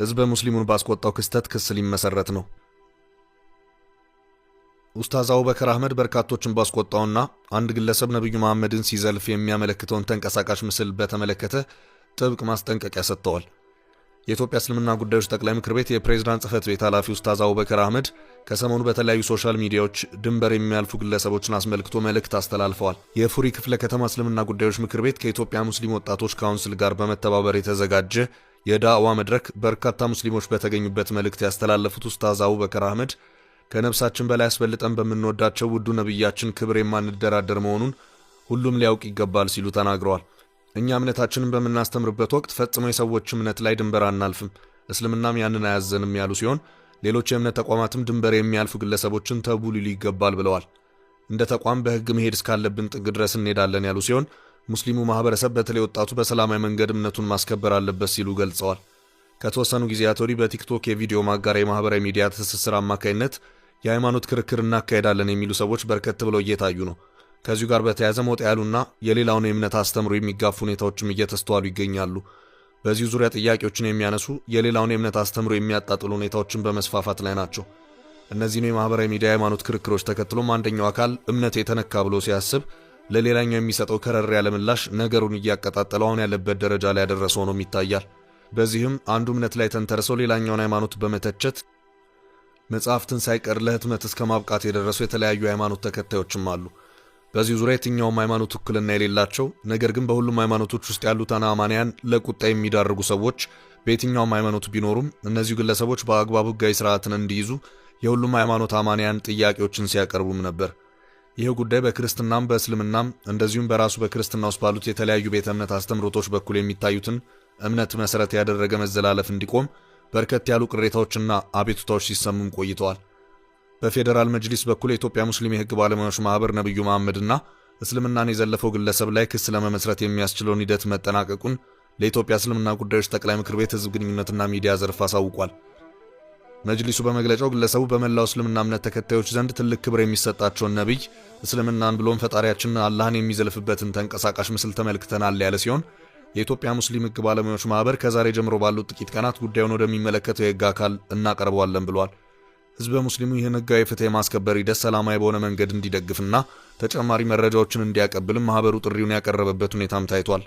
ሕዝበ ሙስሊሙን ባስቆጣው ክስተት ክስ ሊመሰረት ነው። ኡስታዝ አቡበከር አህመድ በርካቶችን ባስቆጣውና አንድ ግለሰብ ነቢዩ መሐመድን ሲዘልፍ የሚያመለክተውን ተንቀሳቃሽ ምስል በተመለከተ ጥብቅ ማስጠንቀቂያ ሰጥተዋል። የኢትዮጵያ እስልምና ጉዳዮች ጠቅላይ ምክር ቤት የፕሬዝዳንት ጽህፈት ቤት ኃላፊ ኡስታዝ አቡበከር አህመድ ከሰሞኑ በተለያዩ ሶሻል ሚዲያዎች ድንበር የሚያልፉ ግለሰቦችን አስመልክቶ መልእክት አስተላልፈዋል። የፉሪ ክፍለ ከተማ እስልምና ጉዳዮች ምክር ቤት ከኢትዮጵያ ሙስሊም ወጣቶች ካውንስል ጋር በመተባበር የተዘጋጀ የዳዕዋ መድረክ በርካታ ሙስሊሞች በተገኙበት መልእክት ያስተላለፉት ኡስታዝ አቡበከር አህመድ ከነፍሳችን በላይ አስበልጠን በምንወዳቸው ውዱ ነቢያችን ክብር የማንደራደር መሆኑን ሁሉም ሊያውቅ ይገባል ሲሉ ተናግረዋል። እኛ እምነታችንን በምናስተምርበት ወቅት ፈጽሞ የሰዎች እምነት ላይ ድንበር አናልፍም፣ እስልምናም ያንን አያዘንም ያሉ ሲሆን ሌሎች የእምነት ተቋማትም ድንበር የሚያልፉ ግለሰቦችን ተቡ ሊሉ ይገባል ብለዋል። እንደ ተቋም በሕግ መሄድ እስካለብን ጥግ ድረስ እንሄዳለን ያሉ ሲሆን ሙስሊሙ ማህበረሰብ በተለይ ወጣቱ በሰላማዊ መንገድ እምነቱን ማስከበር አለበት ሲሉ ገልጸዋል። ከተወሰኑ ጊዜያት ወዲህ በቲክቶክ የቪዲዮ ማጋሪያ የማህበራዊ ሚዲያ ትስስር አማካኝነት የሃይማኖት ክርክር እናካሄዳለን የሚሉ ሰዎች በርከት ብለው እየታዩ ነው። ከዚሁ ጋር በተያያዘ መውጣ ያሉና የሌላውን የእምነት አስተምሮ የሚጋፉ ሁኔታዎችም እየተስተዋሉ ይገኛሉ። በዚሁ ዙሪያ ጥያቄዎችን የሚያነሱ የሌላውን የእምነት አስተምሮ የሚያጣጥሉ ሁኔታዎችን በመስፋፋት ላይ ናቸው። እነዚህን የማህበራዊ ሚዲያ የሃይማኖት ክርክሮች ተከትሎም አንደኛው አካል እምነት የተነካ ብሎ ሲያስብ ለሌላኛው የሚሰጠው ከረር ያለ ምላሽ ነገሩን እያቀጣጠለ አሁን ያለበት ደረጃ ላይ ያደረሰው ሆኖም ይታያል። በዚህም አንዱ እምነት ላይ ተንተርሰው ሌላኛውን ሃይማኖት በመተቸት መጽሐፍትን ሳይቀር ለህትመት እስከ ማብቃት የደረሱ የተለያዩ ሃይማኖት ተከታዮችም አሉ። በዚህ ዙሪያ የትኛውም ሃይማኖት ውክልና የሌላቸው ነገር ግን በሁሉም ሃይማኖቶች ውስጥ ያሉ አማንያን ለቁጣ የሚዳርጉ ሰዎች በየትኛውም ሃይማኖት ቢኖሩም እነዚሁ ግለሰቦች በአግባቡ ህጋዊ ስርዓትን እንዲይዙ የሁሉም ሃይማኖት አማንያን ጥያቄዎችን ሲያቀርቡም ነበር። ይህ ጉዳይ በክርስትናም በእስልምናም እንደዚሁም በራሱ በክርስትና ውስጥ ባሉት የተለያዩ ቤተ እምነት አስተምሮቶች በኩል የሚታዩትን እምነት መሰረት ያደረገ መዘላለፍ እንዲቆም በርከት ያሉ ቅሬታዎችና አቤቱታዎች ሲሰሙም ቆይተዋል። በፌዴራል መጅሊስ በኩል የኢትዮጵያ ሙስሊም የህግ ባለሙያዎች ማኅበር ነቢዩ መሐመድና እስልምናን የዘለፈው ግለሰብ ላይ ክስ ለመመስረት የሚያስችለውን ሂደት መጠናቀቁን ለኢትዮጵያ እስልምና ጉዳዮች ጠቅላይ ምክር ቤት ህዝብ ግንኙነትና ሚዲያ ዘርፍ አሳውቋል። መጅሊሱ በመግለጫው ግለሰቡ በመላው እስልምና እምነት ተከታዮች ዘንድ ትልቅ ክብር የሚሰጣቸውን ነቢይ እስልምናን ብሎም ፈጣሪያችንን አላህን የሚዘልፍበትን ተንቀሳቃሽ ምስል ተመልክተናል ያለ ሲሆን የኢትዮጵያ ሙስሊም ሕግ ባለሙያዎች ማህበር ከዛሬ ጀምሮ ባሉት ጥቂት ቀናት ጉዳዩን ወደሚመለከተው የሕግ አካል እናቀርበዋለን ብሏል። ህዝበ ሙስሊሙ ይህን ህጋዊ ፍትህ የማስከበር ሂደት ሰላማዊ በሆነ መንገድ እንዲደግፍና ተጨማሪ መረጃዎችን እንዲያቀብልም ማህበሩ ጥሪውን ያቀረበበት ሁኔታም ታይቷል።